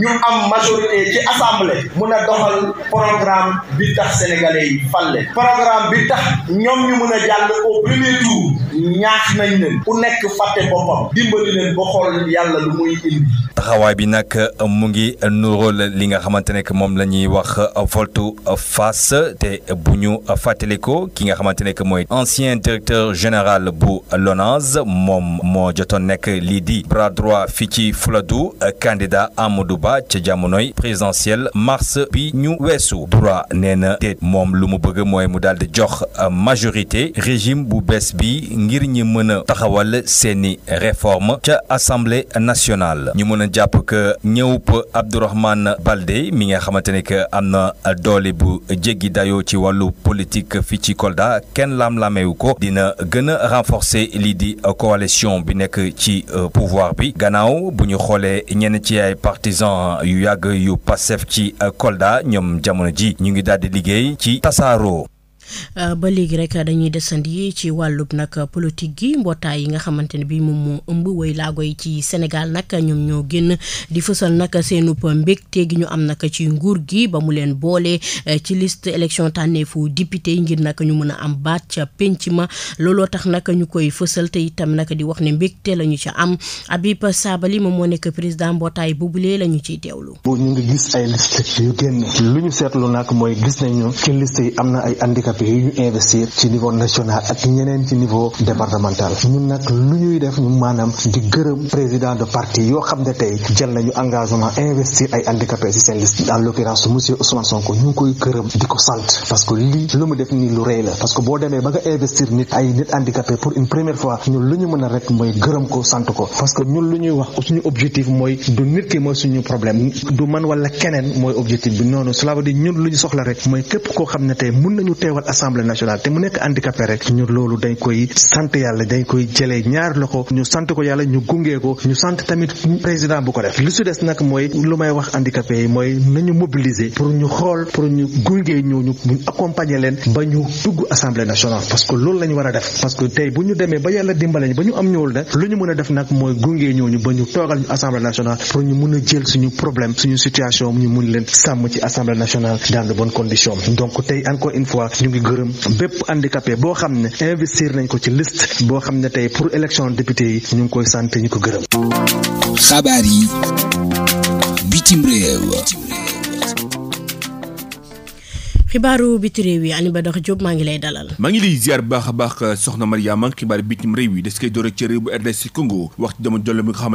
ñu am majorité ci assemblée mun a doxal programme bi tax sénégalais yi falle programme bi tax ñoom ñu mun a jàll au premier tour ñaax nañ leen ku nekk fàtte boppam dimbali leen ba yàlla lu muy indi taxawaay bi nag nag euh, mu ngi nuróol li nga xamante ne moom la ñuy wax euh, volte-face te bu ñu fàttalikoo ki nga xamante ne mooy ancien directeur général bu LONASE moom moo jotoon nekk lii di bras droit fii ci Fuladu euh, candidat Amadou Ba ca jamonoy présidentielle mars bi ñu weesu droit nee na moom lu mu bëgg mooy mu daal di jox majorité régime bu bees bi ngir ñi mën a taxawal seeni réforme ca assemblée nationale ñu mën jàpp ñëwub Abdourahmane balde mi nga xamante ne que am na doole bu jéggi dayo ci wàllu politique fii ci Kolda kenn laam-laamewu ko dina gën a renforcer lii di coalition bi nekk ci euh, pouvoir bi gannaaw bu ñu xoolee ñenn ci ay partisans yu yàgg yu Pastef ci euh, Kolda ñoom jamono ji ñu ngi daal di liggéey ci tasaaroo Euh, ba léegi rek dañuy desandi ci wàllub nag politique gi mbootaay yi nga xamante ne bii moom moo ëmb woylaago yi ci Sénégal nag ñoom ñoo génn di fësal nag seenub mbégte gi ñu am nag ci nguur gi ba mu leen boole euh, ci liste :fra élection :fra tànneefu député ngir nag ñu mun a am baat ca penc ma looloo tax nag ñu koy fësal te itam nag di wax ne mbégte la ñu ca am [r] Habib Sabaly moom moo nekk président mbootaay boobule la ñu ciy teewlu. ñu ngi gis ay liste yu génn lu ñu seetlu nag mooy gis nañu ci liste yi am na ay handicapés yi ñu investir ci niveau national ak ñeneen ci niveau départemental ñun nag lu ñuy def ñu maanaam di gërëm président de parti yoo xam ne tey jël nañu engagement investir ay handicapés ci seen liste en l'occurrence monsieur Ousmane Sonko ñu koy gërëm di ko sant parce que lii lu mu def nii lu rëy la parce que boo demee ba nga investir nit ay nit handicapé pour une première fois ñun lu ñu mën a rek mooy gërëm ko sant ko parce que ñun lu ñuy wax suñu ñu soxla assemblée nationale te mu nekk handicapé rek ñu loolu dañ koy sant yàlla dañ koy jëlee ñaar loxo ñu sant ko yàlla ñu gungee ko ñu sant tamit président bu ko def lu si des nag mooy lu may wax handicapé yi mooy na ñu mobiliser pour ñu xool pour ñu gungee ñooñu ñu accompagner leen ba ñu dugg assemblée nationale parce que loolu lañu war a def parce que tey bu ñu demee ba yàlla dimbale ñu ba ñu am ñëwul de lu ñu mën a def nag mooy gungee ñooñu ba ñu toogal ñu assemblée nationale pour ñu mën a jël suñu problème suñu situation ñu mun leen sàmm ci assemblée nationale dans de bonnes ngi gërëm bépp handicapé boo xam ne investir nañ ko ci liste boo xam ne tey pour élection député yi ñu ngi koy sant ñu ko gërëm. xabaar yi bitim réew. xibaaru biti réew yi Aliou Badara Diop maa ngi lay dalal maa ngi lay ziar baax a baax soxna Mariama xibaar bitim réew yi des koy door ci réew bu RDC Congo wax ci dama jollo ko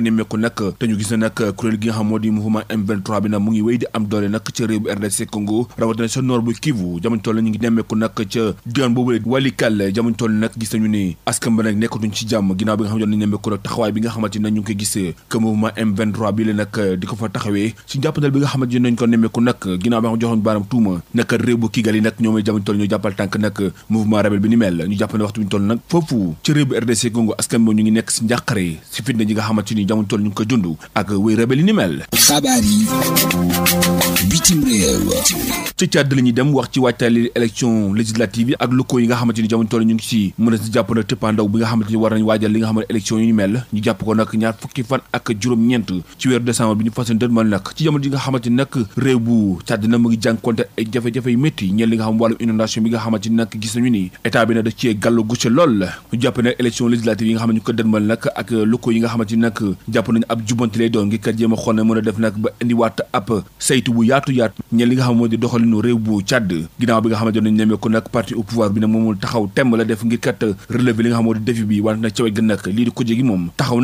nemmeeku nag M23 bi nag ca diwaan ne askan bi nga xam ne doon nañ nemmeeku nag nag ginnaaw ci réew bu RDC dem wax ci waajtaali élection législative ak locaux yi nga xamante ni jamono ñu ngi si mën a si jàpp bi nga xamante ni war nañ waajal li nga xamante élection yi ni mel ñu jàpp ko nag ñaar fukki fan ak juróom-ñeent ci weeru décembre bi ñu fasen dëdmal nag ci jamono yi nga xamante ni nag réew bu tàddina mu ngi jànkonte ay jafe-jafe yu métti ñeel li nga xam wàllum inondation bi nga xamante ni nag gis nañu ni état bi nag da cee gàllu gucce lool ñu jàpp ne élection législative yi nga xam ne ko dënmal nag ak locaux yi nga xamante ni nag jàpp nañu ab jubbante lay doon ngir kat jéem a xool ne a nemee ko nag parti au bi nag moomul taxaw temm la def ngir kat relever li nga xam di défi bi wante nag ca wet ga lii di kujje gi moom taxaw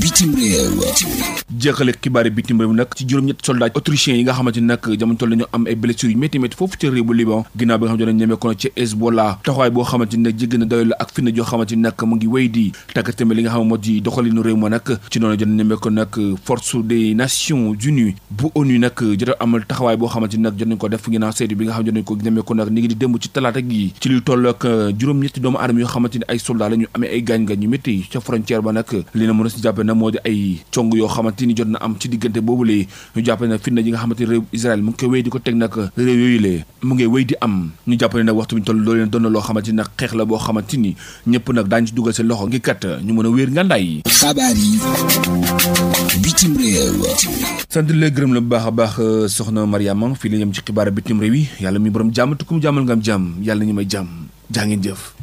bitim réew jeexale xibaari bitim réew ci juróom-ñetti soldat autrichiens yi nga xamante ni nag jamono ni na dayo la ak fitna joo xamante ni nag mu ngi wéy boo xamante ni nag jot nañ ko def ginnaaw saytu bi nga xam ne jot nañ ko ñemeekoon nag euh, amee ay gaañ-gaañ yu métti ca frontière ba nag li na mën si jàppe na moo di ay cong yoo xamante ni jot na am ci diggante boobulee ñu jàppe ne fitna yi nga xamante ni réew Israël mu di ko teg nag réew yooyu lee mu ngi wéy di am ñu jàpp ne nag waxtu bi ñu toll loolu leen doon loo xamante ni nag xeex la boo xamante ni ñëpp nag daañu ci dugal seen loxo ngir kat ñu mën a wér ngàndaay yi xabaar yi bitim réew sant la gërëm la bu baax a baax euh, soxna Mariama fii la ñam ci xibaar bitim réew yi yàlla mi borom jàmm te ku mu jàmmal nga jàmm yàlla ñu may jàmm jaa ngeen jëf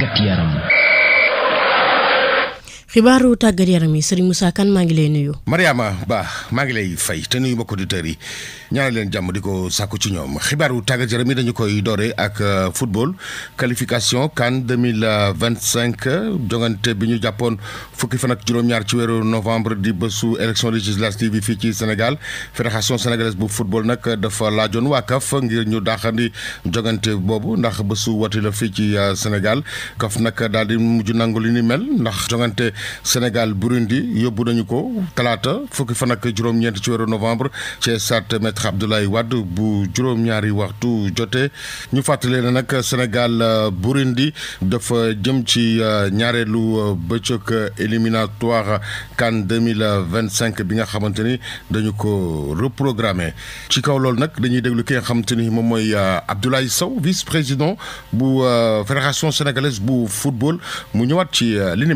tàggat yaram xibaaru tàggat yaram yi Serigne Moussa Kane maa ngi lay nuyu. Mariama Ba maa ngi lay fay te nuyu mbokk auditeurs yi ñaanal leen jàmm di ko sàkku ci ñoom xibaaru tàggat yaram yi dañu koy doore ak euh, football qualification CAN 2025 jongante bi ñu jàppoon fukki fan ak juróom-ñaar ci weeru novembre di bésu élection législative yi fii ci Sénégal fédération sénégalaise bu football nag dafa laajoon waa CAF ngir ñu daaxandi jongante boobu ndax bésu wati la fii ci euh, Sénégal CAF nag daal di mujj li ni Sénégal Burundi yóbbu nañu ko talaata fukki fan ak juróom-ñeent ci weeru novembre ci stade Maître Abdoulaye Wade bu juróom-ñaari waxtu jotee ñu fàttali na nag Sénégal Burundi dafa jëm ci euh, ñaareelu euh, bëccëg éliminatoire CAN 2025 bi nga xamante ni dañu ko reprogrammé ci kaw loolu nag dañuy déglu ki nga xamante ni moom mooy euh, Abdoulaye Sow vice-président bu fédération sénégalaise bu football mu ñëwaat ci li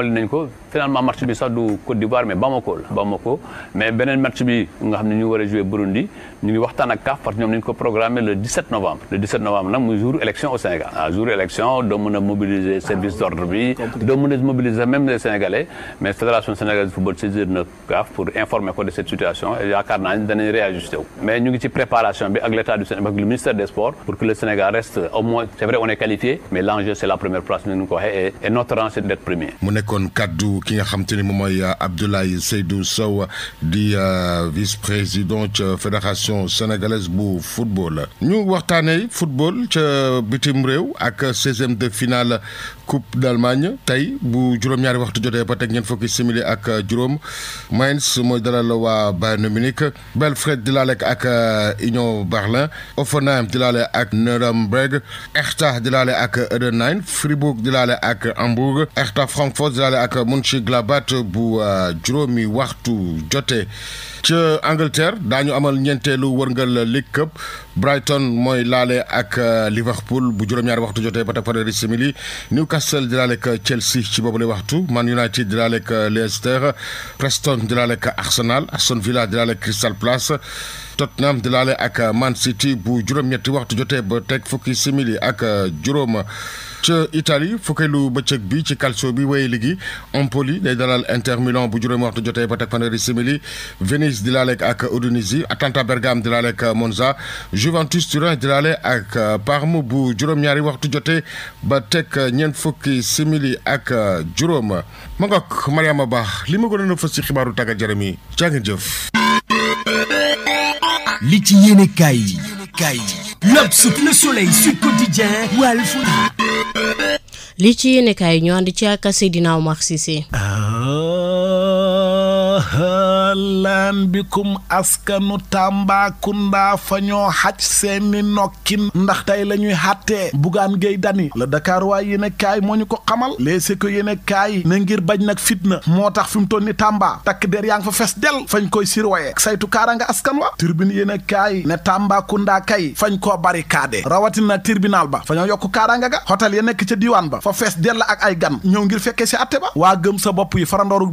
tàmbali nañ ko finalement match bi sax du Côte d'Ivoire mais Bamako la Bamako mais beneen match bi nga xam ne ñu war a Burundi ñu waxtaan ak CAF parce que ñoom nañu le novembre novembre nag muy jour élection au Sénégal ah jour élection doo mën a mobiliser service d'ordre bi doo mën a mobiliser même mais fédération sénégalaise de football saisir na CAF pour informer ko cette situation et yaakaar naa ne réajusté wu mais ñu ngi préparation bi ak kon kaddu ki nga xam te ne moom mooy euh, Abdoulaye Seydou Sow di euh, vice-président ca fédération sénégalaise bu football ñu waxtaanee football ca bitim réew ak seizième de finale coupe d'Allemagne tey bu juróom-ñaari waxtu jotee ba teg ngeen fukki simili ak juróom Mainz mooy dalal waa Bayern Munich Belfred di laale ak euh, Union Berlin Hoffenheim di laale ak Nuremberg Hertha di laale ak Edenheim Fribourg di laale ak Hamburg Hertha Francfort di laale ak Mönchengladbach bu euh, juróomi waxtu jotee ca Angleterre daañu amal ñeenteelu wërngal League Cup Brighton mooy laale ak euh, Liverpool bu juróom-ñaari waxtu jotee ba teg fanweeri simili Newcastle Newcastle dina lekk Chelsea ci boobu lay waxtu Man United dina lekk Leicester Preston dina lekk Arsenal Aston Villa dina lekk Crystal Palace Tottenham dina lekk ak Man City bu juróom-ñetti waxtu jotee ba teg fukki simili ak juróom. ca Italie fukkeelu bëccëg bi ci calcio bi wéye ligi Empoli day dalal Inter Milan bu juróomi waxtu jotee ba teg fanweeri simili Venise di laaleeg ak Udinese Atalanta Bergame di laaleeg Monza Juventus Turin di laale ak Parme bu juróom-ñaari waxtu jotee ba teg ñeent fukki simili ak juróom ma ngoog a baax li ma gënoon a fës ci xibaaru tàggat yaram yi jaa ngeen jëf. ci yéene yi lii ci yéenekaay ñu ànd ci ak Seydina Omar Cissé. Ah. ahalaan bikum askanu Tambacounda fa ñoo xaj seeni nokkin ndax tey la ñuy xàttee Bougane Gueye Dany la Dakar waay yéen a kaay moo ñu ko xamal léegi ko yéen a kaay na ngir bañ nag fitna moo tax fi mu toll ni Tamba takk der yaa ngi fa fes del fañ koy sirwaye saytu kaaraanga askan wa turbine yéen a kaay ne Tambacounda kay fañ koo bari barricade rawatina tribunal ba fa ñoo yokk kaaraanga ga hôtel ya nekk ca diiwaan ba fa fees del ak ay gan ñëw ngir fekkee si atte sa bopp yi farandooru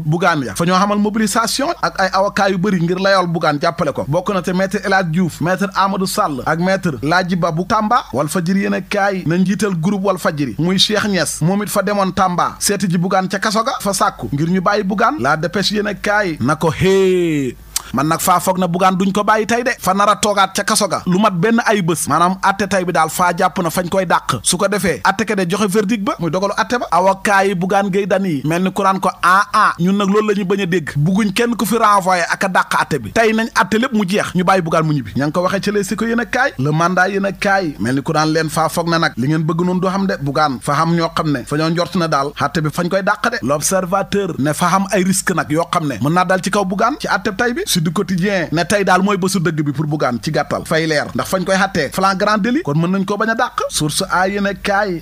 association ak ay avocat yu bëri ngir layal Bougane jàppale ko bokk na te maître El Hadj Diouf maître Amadou Sall ak maître Laaji Ba bu Tamba wal fajiri yéen a kaay na njiital groupe wal fajiri muy Cheikh Niass moom it fa demoon Tamba seeti ji Bougane ca kaso ga fa sàkku ngir ñu bàyyi Bougane la dépêche yéen a na ko hee man nag faa foog na bugaan duñ ko bàyyi tey de fa nar a toogaat ca kaso ga lu mat benn ay bés maanaam atte tey bi daal faa jàpp na fañ koy dàq su ko defee atte ke de joxe verdict ba muy dogalu atte ba avocat yi bugaan gay dan mel ni kuraan ko ah ah ñun nag loolu la ñu bañ a dégg bugguñ kenn ku fi renvoyé ak a dàq atte bi tey nañ atte lépp mu jeex ñu bàyyi bugaan mu ñibbi ña ngi ko waxee ci les si ko yéen a kaay le mandat yéen kaay mel ni kuraan leen faa foog na nag li ngeen bëgg noonu du xam de bugaan fa xam ñoo xam ne fa ñoo na daal atte bi fañ koy dàq de l'observateur ne fa xam ay risque nag yoo xam ne mën naa dal ci kaw bugaan ci atte tey bi Sud Quotidien ne tey daal mooy bésu dëgg bi pour Bougane ci gàttal fay leer ndax fañ koy xàttee flagrant délit kon mën nañ ko bañ a dàq source a yéen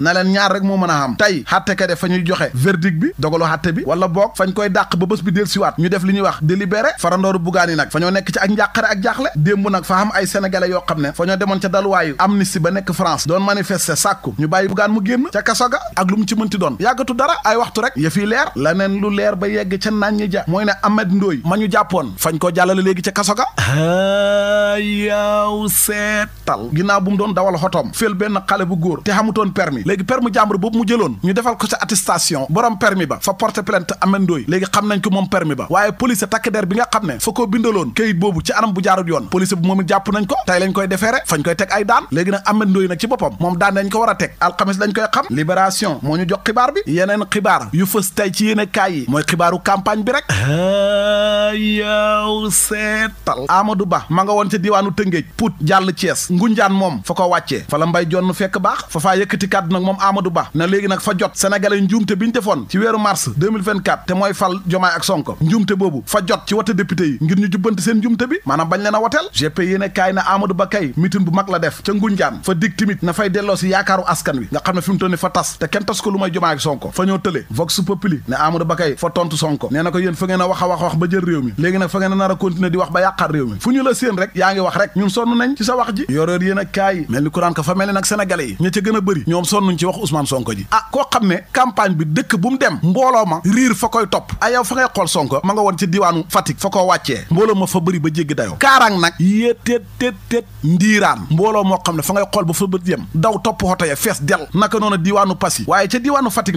na leen ñaar rek moo mën a xam tey xàtte ka de fa ñuy joxe verdict bi dogalu xàtte bi wala boog fañ koy dàq ba bés bi del siwaat ñu def li ñuy wax délibéré farandooru Bougane nag fa ñoo nekk ci ak njàqare ak jaaxle démb nag fa xam ay sénégalais yoo xam ne fa ñoo demoon ca daluwaayu amnistie ba nekk lala léegi ca kaso ga yaaw seetal ginnaaw bu mu doon dawal xotoom fël benn xale bu góor te xamutoon permi léegi permis jàmbur boobu mu jëloon ñu defal ko ca attestation borom permi ba fa porte plainte amendooy léegi xam nañ ko moom permis ba waaye police takk der bi nga xam ne fa ko bindaloon këyit boobu ci anam bu jaarut yoon police bu moom it jàpp nañ ko tey lañ koy defeere fañ koy teg ay daan léegi nag amendooy nag ci boppam moom daan dañ ko war a teg alxames lañ koy xam libération moo jox xibaar bi yeneen xibaar yu fës tey ci yéen kaay yi mooy xibaaru campagne bi rek seetal Amadou Ba ma nga woon ca diwaanu Tëngéej Pout jàll Thiès Ngunjaan moom fa ko wàccee fa mbay jonn fekk baax fa faa yëkkati kàddu nag moom Amadou Ba na léegi nag fa jot sénégalais njuumte bi ñu defoon ci weeru mars 2024 te mooy fal Jomaay ak Sonko njuumte boobu fa jot ci wote député yi ngir ñu jubbanti seen njuumte bi maanaam bañ leen a woteel GP yéene kaay na Amadou Ba kay mitin bu mag la def ca Ngunjaan fa dig timit na fay delloo si yaakaaru askan wi nga xam ne a a wax continuer di wax ba yàqaar réew mi fu ñu la séen rek yaa ngi wax rek ñun sonn nañ ci sa wax ji yoroor yéen a kaay mel ni kuraan ka fa mel ni nag sénégalais yi ña ca gën bëri ñoom sonnuñ ci wax Ousmane Sonko ji ah koo xam ne campagne bi dëkk bu dem mbooloo ma riir fa koy topp ay ah yow fa ngay xool Sonko ma nga woon ci diwaanu Fatick fa ko wàccee mbooloo ma fa bëri ba jéggi dayoo kaarang nag yéet téet téet ndiiraan mbooloo moo xam ne fa ngay xool ba fa bët yem daw topp xoto ya fees del naka noonu diwaanu Passy waaye ca diwaanu Fatick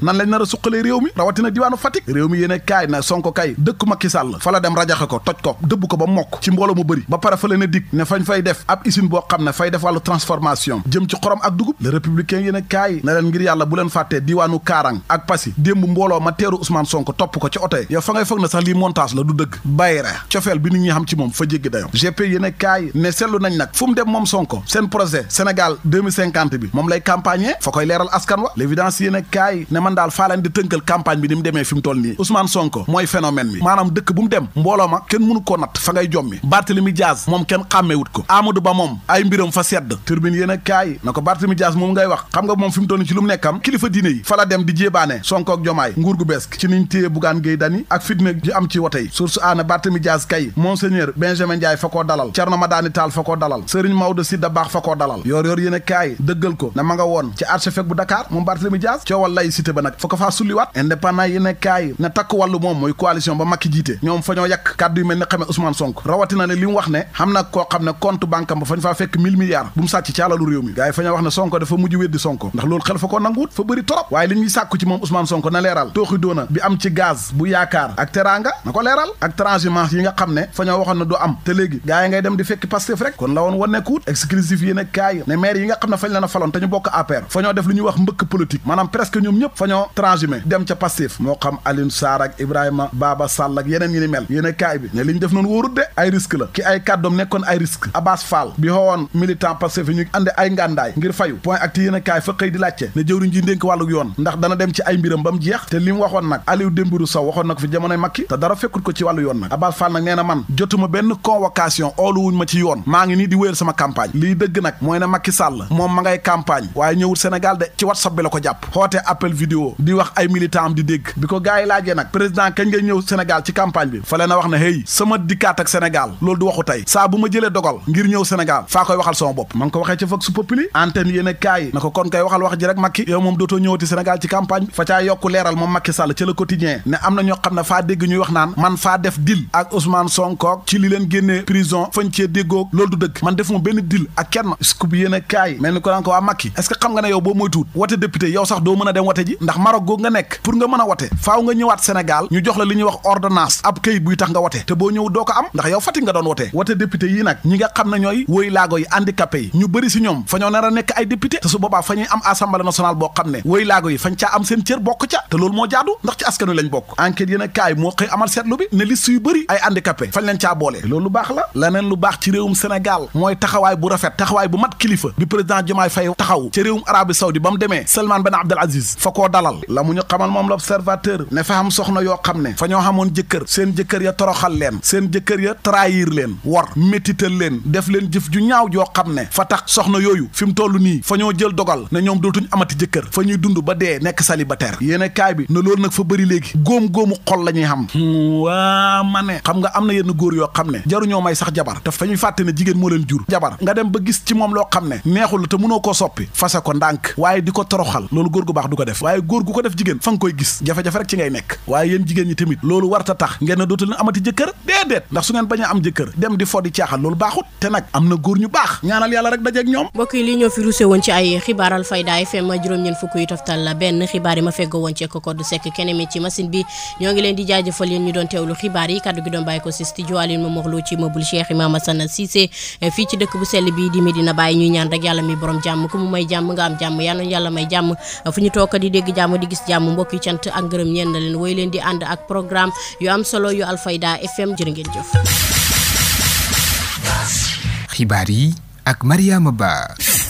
bi a suqalee réew mi diwaanu Fatick réew mi yéene kaay na Sonko kay dëkk Macky Sall fa la dem rajaxe ko toj ko dëbb ko ba mokk ci mbooloo mu bëri ba pare fa leen a dikk ne fañ fay def ab usine boo xam ne fay def wàllu jëm ci xorom ak dugub le républicain yéene kaay na leen ngir yàlla bu leen fàttee diwaanu Kaarang ak Passy démb mbooloo ma teeru Ousmane Sonko topp ko ci oto yow fa ngay sax lii montage la du dëgg bayra cofeel bi nit ñi xam ci moom fa jéggi demee fi mu toll nii Ousmane Sonko mooy phénomène bi maanaam dëkk bu mu dem mbooloo ma kenn mënu koo fa ngay jommi Barthélemy Diaz moom kenn xàmmeewut ko Amadou Ba moom ay mbiram fa sedd turbine yéen a kaay na ko Barthélemy Diaz moom ngay wax xam nga moom fi ci lu mu nekkam kilifa diine yi fa dem di jéebaane Sonko Jomaay nguur gu bees ci niñ téye Bougane Gueye Dany ak fitna ji am ci wote yi source aana Barthélemy Diaz kay Monseigneur Benjamin Ndiaye fa koo dalal Thierno Madani a yéen ndax loolu xel fa ko nanguwut fa bëri torop waaye li ñuy sàkku ci moom Ousmane Sonko na leeral tooxi doona bi am ci gaz bu yaakaar ak teraanga na ko leeral ak transhumance yi nga xam ne fa ñoo waxoon am te léegi gars ngay dem di fekki Pastef rek kon la woon wan nekkuut exclusif yéen kaay ne maire yi nga xam ne fañ leen a faloon te ñu bokk APR fa ñoo def li ñuy wax mbëkk politique maanaam presque ñoom ñëpp fa ñoo transhumé dem ca Pastef moo xam Alioune Sarr ak Ibrahima Baba Sall ak yeneen yi ni mel yéen a bi ne li ñu def noonu wóorut de ay risque la ki ay kàddoom nekkoon ay risque Abbas Fall bi xoowoon militant parce que ñu àndi ay ngàndaay ngir fayu point ak ti yéen a kaay fa xëy di laajte ne jëwriñ ji dénk wàllu yoon ndax dana dem ci ay mbiram ba jeex te li mu waxoon nag Aliou Dembourou sa waxoon na ko fi jamonoy Macky te dara fekkut ko ci wàllu yoon nag Abbas Fall nag nee na man jotuma benn convocation oolu wuñ ma ci yoon maa ngi nii di wéyal sama campagne lii dëgg nag mooy ne Macky Sall moom ma ngay campagne waaye ñëwul Sénégal de ci WhatsApp bi la ko jàpp xoote appel vidéo di wax ay militant di dégg dikk bi ko gars yi laajee nag président kañ nga ñëw Sénégal ci campagne bi fale na wax ne hey sama dikkaat ak Sénégal loolu du waxu tey saa bu ma jëlee dogal ngir ñëw Sénégal faa koy waxal sama bopp ma ko waxee ca fag su populi antenne yéen a na ko kon koy waxal wax ji rek Macky yow moom dootoo ñëwati Sénégal ci campagne bi fa caa yokku leeral moom Macky Sall ca le quotidien ne am na ñoo xam ne faa dégg ñuy wax naan man faa def dil ak Ousmane Sonko faaw nga ñëwaat Sénégal ñu jox la li ñuy wax ordonnance ab këyit buy tax nga wote te boo ñëw doo ko am ndax yow Fatick nga doon wote wote député yi nag ñi nga xam ne ñooy woy laago yi handicapé yi ñu bëri si ñoom fa ñoo nar a nekk ay député te su boobaa fa ñuy am assemblée nationale boo xam ne woy laago yi fañ caa am seen cër bokk ca te loolu moo jaadu ndax ci askan lañ bokk enquête yéen a kaay moo xëy amal seetlu bi ne liste yu bëri ay handicapé bu rafet taxawaay bu mat kilifa bi président Diomaye fa l'observateur ne fa am soxna yoo xam ne fa ñoo xamoon jëkkër seen jëkkër ya toroxal leen seen jëkkër ya trahir leen war métital leen def leen jëf ju ñaaw joo xam ne fa tax soxna yooyu fi mu toll nii fa ñoo jël dogal ne ñoom dootuñ amati jëkkër fa ñuy dund ba dee nekk célibataire yéene kaay bi ne loolu nag fa bari léegi góom-góomu xol la ñuy xam waa ma ne xam nga am na yenn góor yoo xam ne jaruñoo may sax jabar te fa ñuy fàtte ne jigéen moo leen jur jabar nga dem ba gis ci moom loo xam ne neexul te mënoo koo soppi fase ko ndànk waaye di ko toroxal loolu góor gu du ko def waaye góor ko def jigéen fa nga koy gis jafe-jafe rek ci ngay nekk waaye yéen jigéen ñi tamit loolu warta tax ngeen ne dootu leen amati jëkkër déedéet ndax su ngeen bañ a am jëkkër dem di foddi caaxaan loolu baaxut te nag am na góor ñu baax ñaanal yàlla mi ci jàmm ku may jàmm nga am jàmm yàlla yàlla may jàmm fu ñu toog di dégg jàmm di gis jàmm mbokk cant ak gërëm ñeen na leen woy leen di ànd ak programme yu am solo yu Alfayda FM jër ngeen jëf. yi ak Mariama